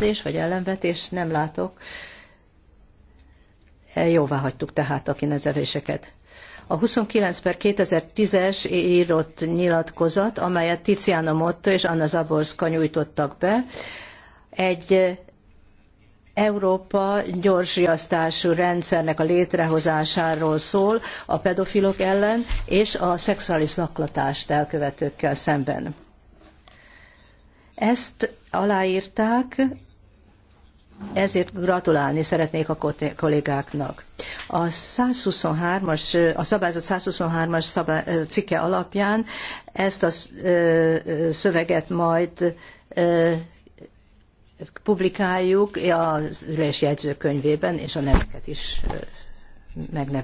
megjegyzés vagy ellenvetés nem látok. E, jóvá hagytuk tehát a kinezeléseket. A 29 per 2010-es írott nyilatkozat, amelyet Tiziana Motto és Anna Zaborska nyújtottak be, egy Európa gyorsriasztású rendszernek a létrehozásáról szól a pedofilok ellen és a szexuális zaklatást elkövetőkkel szemben. Ezt aláírták ezért gratulálni szeretnék a kollégáknak. A 123-as, a szabályzat 123-as cikke alapján ezt a szöveget majd publikáljuk az ülés jegyzőkönyvében, és a neveket is megnep.